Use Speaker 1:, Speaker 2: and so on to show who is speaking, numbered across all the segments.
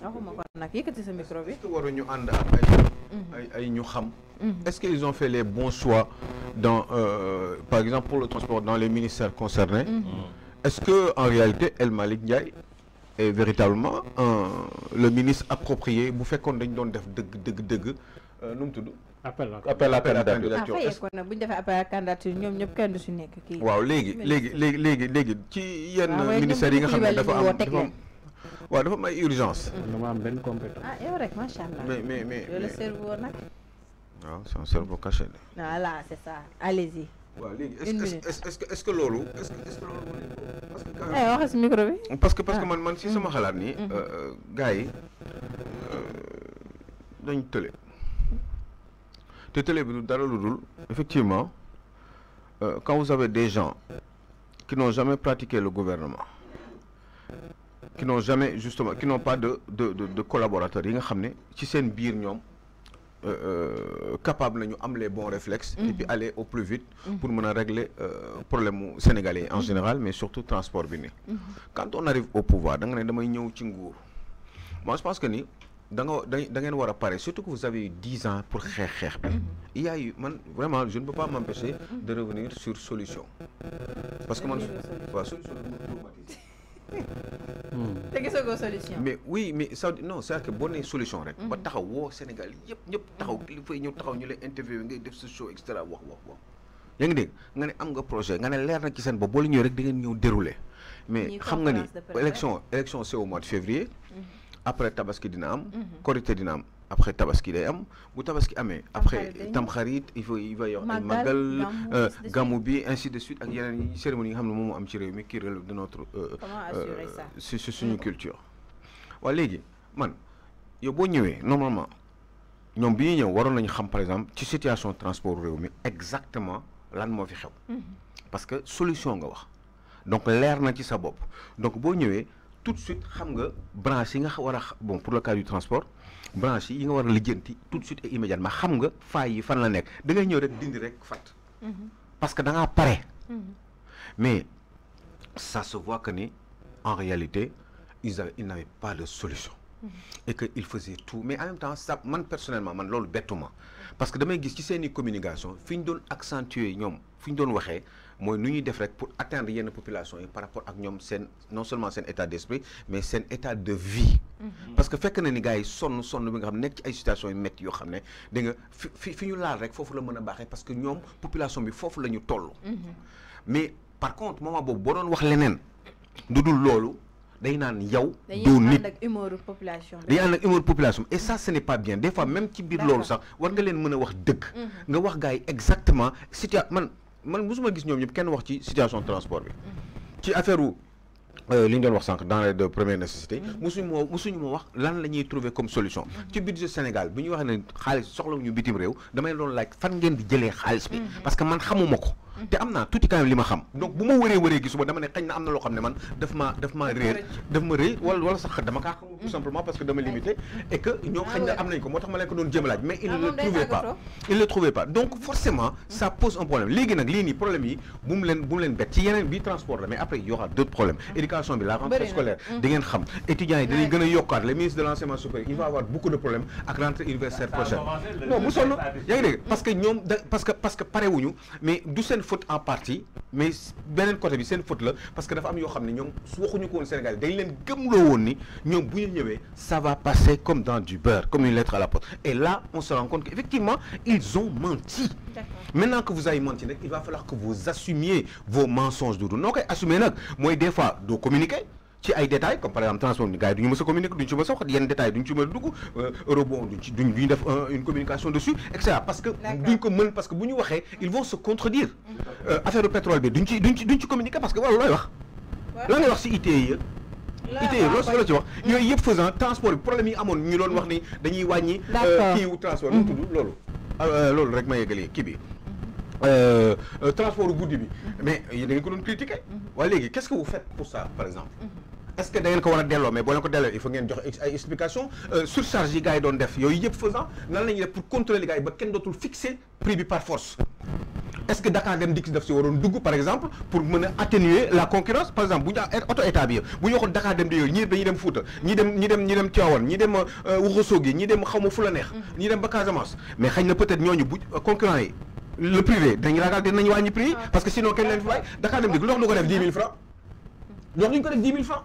Speaker 1: waxuma ko nag yëkkati est-ce que mhm. est-ce que ont fait les bons choix dans euh, par exemple pour le transport dans les ministères concernés. Mhm. Mhm. est-ce que en réalité El Malik Ndiaye est véritablement un le ministre approprié bu fekkoon dañ doon def dëgg dëgg dëgg euh, nu mu tudd. appel appel appel à candidature ah fayee nag bu ñu defee appel à candidature ñom ñep kenn du ci nek waaw légui légui légui légui ci yenn ah ministère yi nga xam ne dafa am waaw dafa ma ay urgence mm-hmm. dama am benn compétence. ah yow rek macha allah. mais mais mais yow le cerveau nag. waaw c'est un cerveau caché. voilà c'est ça allez-y. waaw léegi est ce que est ce que loolu. est ce que est ce que loolu parce que. Eh, waxee si micro bi. parce que parce que ah. man man si sama mm-hmm. xalaat nii. Mm-hmm. Euh, euh, gars yi euh, dañ tële. te télé bi du dara lu dul effectivement quand vous avez des gens qui n'ont jamais pratiqué le gouvernement qui n'ont jamais justement qui n'ont pas de de de, collaborateurs yi nga capables ne euh, euh, capable les bons réflexes. Mm. et puis aller au plus vite. Mm. pour nous régler régler euh, problème sénégalais en mm. général mais surtout transport bini. Mm-hmm. quand on arrive au pouvoir da moi je pense que ni da nga surtout que vous avez eu 10 ans pour faire mm-hmm. il y a eu vraiment je ne peux pas m'empêcher de revenir sur solution. parce que man. Hmm. mais oui mais ça non c'est est que bonne solution rek. Hmm. ba taxaw wo Sénégal yépp ñëpp taxaw il faut ñëw taxaw ñu lay interview ngay def ce show et wax wax wax. yaa ngi dégg nga né am nga projet nga né lér na ci sen bo bo la ñëwee rek di ngeen ñëw déroulé. mais xam nga ni élection élection c'est au mois de février. Hmm. après tabaski dina am. corité dina am après tabaski lay am tabaski amé après Tamkharit, il faut il va y avoir magal Gamoubi, euh, ainsi de suite Il y cérémonie une cérémonie qui relève mais am ci assurer qui relève de notre euh, euh, su une mm. culture Wa léegi man yow boo ñëwee normalement nous bi voir ñëw waroon xam par exemple ci situation transport mais exactement lan nous fi mm-hmm. parce que solution nga wax donc l'air na ci sa donc boo tout de suite xam nga branche yi nga bon pour le cas du transport branche yi nga wara a tout de suite et immédiatement xam nga fay yi fan la nek da ngay ñew rek dindi rek fat mm-hmm. parce que da nga mm-hmm. mais ça se voit que en réalité ils ils n'avaient pas de solution mm-hmm. et qu'ils faisaient tout mais en même temps ça man personnellement man lolu bêtement, parce que damay gis ci une communication fiñ on doon accentuer ñom fiñ doon moy nu ñuy def rek pour atteindre yenn population yi par rapport ak ñom sen non seulement sen état d'esprit mais sen état de vie mm-hmm. parce que fekk na ni gars sonn sonn bi nga xam nek ci ay situation yu metti yo xam de nga fiñu laal rek fofu la mëna baxé parce que ñom population bi fofu lañu tollu mm-hmm. mais par contre moment bobu bo doon wax lenen dudul lolu day naan yow do nit dañuy ànd ak humeur population et ça ce n'est pas bien des fois mm-hmm. même ci bir lolu sax war nga leen mën wax deug nga wax gars yi exactement situation man man musuma gis ñom ñep kenn wax ci situation transport bi ci affaire wu euh, li ñu doon wax sank dans les de première nécessité mosuñu mm-hmm. moo mosuñu moo wax lan lañuy trouver comme solution mm-hmm. ci budget Sénégal bi ñu wax ne xaalis soxla ñu bitim réew damay doon laaj fan ngeen di jëlee xaalis bi mm-hmm. parce que man xamuma ko te amna naa quand même xam donc vous wéré wéré wëree gisuma dama né xagn na amna lo loo xam de man daf ma daf ma réer daf ma réer wala sax dama ka xam tout simplement parce que dama limité et que nous xagn na amnañ ko motax ma leen ko doon mais il ah ne le trouvait pas il ne le trouvait pas donc forcément ça pose un problème légui nak li ni problème yi bu mu leen bu mu leen bett ci yenen bi transport mais après il y aura d'autres problèmes hum. éducation bi la rentrée scolaire hum. d'un ngeen xam étudiants yi dañuy gëna a le ministre de l'enseignement supérieur il va avoir beaucoup de problèmes ak rentrée universitaire prochaine non bu parce que ñom parce que parce que wuñu mais du seen en partie mais benen côté bi une faute la parce que dafa am yo xam ñom ñoom waxuñu ko woon Sénégal dañ leen won ni ñom bu ñu ñëwé ça va passer comme dans du beurre comme une lettre à la poste et là on se rend compte qu'effectivement ils ont menti maintenant que vous avez menti il va falloir que vous assumiez vos mensonges Doudou non koy assumer nak moy des fois do communiquer ci ay détails comme par exemple transforme gars yi du ñu mës a communiquer duñ ci mës a wax détails duñ ci mën a dugg eurobond duñ ci duñ duñ def euh, une communication dessus etc. parce que duñ ko mën parce que buñu waxé ils vont se contredire euh, affaire pétrole bi duñ ci duñ ci duñ ci communiquer parce que wala looy wax la ngay wax si ITE ITIE loolu si ci wax mm. yooyu yëpp faisant transport bi problème yi amoon ñu doon wax ni dañuy wàññi euh, kiiwu transport bi mm. tudd loolu ah, loolu rek ma yeggalee kii bi mm-hmm. transport guddi bi mm-hmm. mais da ngeen ko doon critiquer mm-hmm. waaye léegi qu'est-ce que vous faites pour ça par exemple est-ce que d'ailleurs ngeen on war a delloo mais boo leen ko delloo il faut une jox ay explication euh, surcharge yi gars yi doon def yooyu yep faisant nan la pour contrôler les gars ba ken dotul fixer prix bi par force est-ce que Dakar Dem Dikk daf ci waron dugg par exemple pour mener atténuer la concurrence par exemple bu auto état bi bu ñu waxoon Dakar Dem Dikk yooyu ñii dañuy dem foot ñii dem ñi dem ñi dem Tivaouane ñi dem euh, Ourossogui ñi dem xaw ma fu la neex mm. ñi dem ba Casamance mais xañ peut-être ñooñu bu euh, concurrent yi le privé dañu ragal dinañu wañi prix ah. parce que sinon ken len fay bàyyi Dakar Dem Dikk lu tax ko def 10 000 francs mm. lu tax ko def 10 000 francs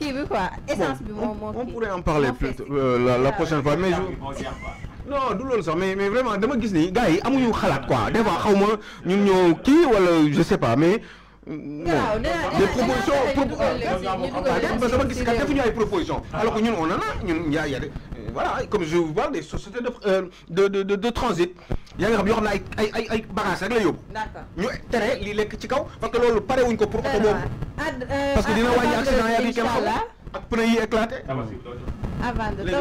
Speaker 1: veut on, pourrait en parler euh, la, euh, prochaine fois. Mais je... non mais vraiment je gars quoi sais pas mais. des propositions alors que nous, on en a euh, voilà comme je vous parle des sociétés de transit. yaa nga xam yoo xam ne ay ay ay ay ñu tere li lekk ci kaw parce loolu pare wuñ ko pour oto boobu. Euh, parce que dina wàññi accident yaa ngi kenn ak pneu yi éclaté.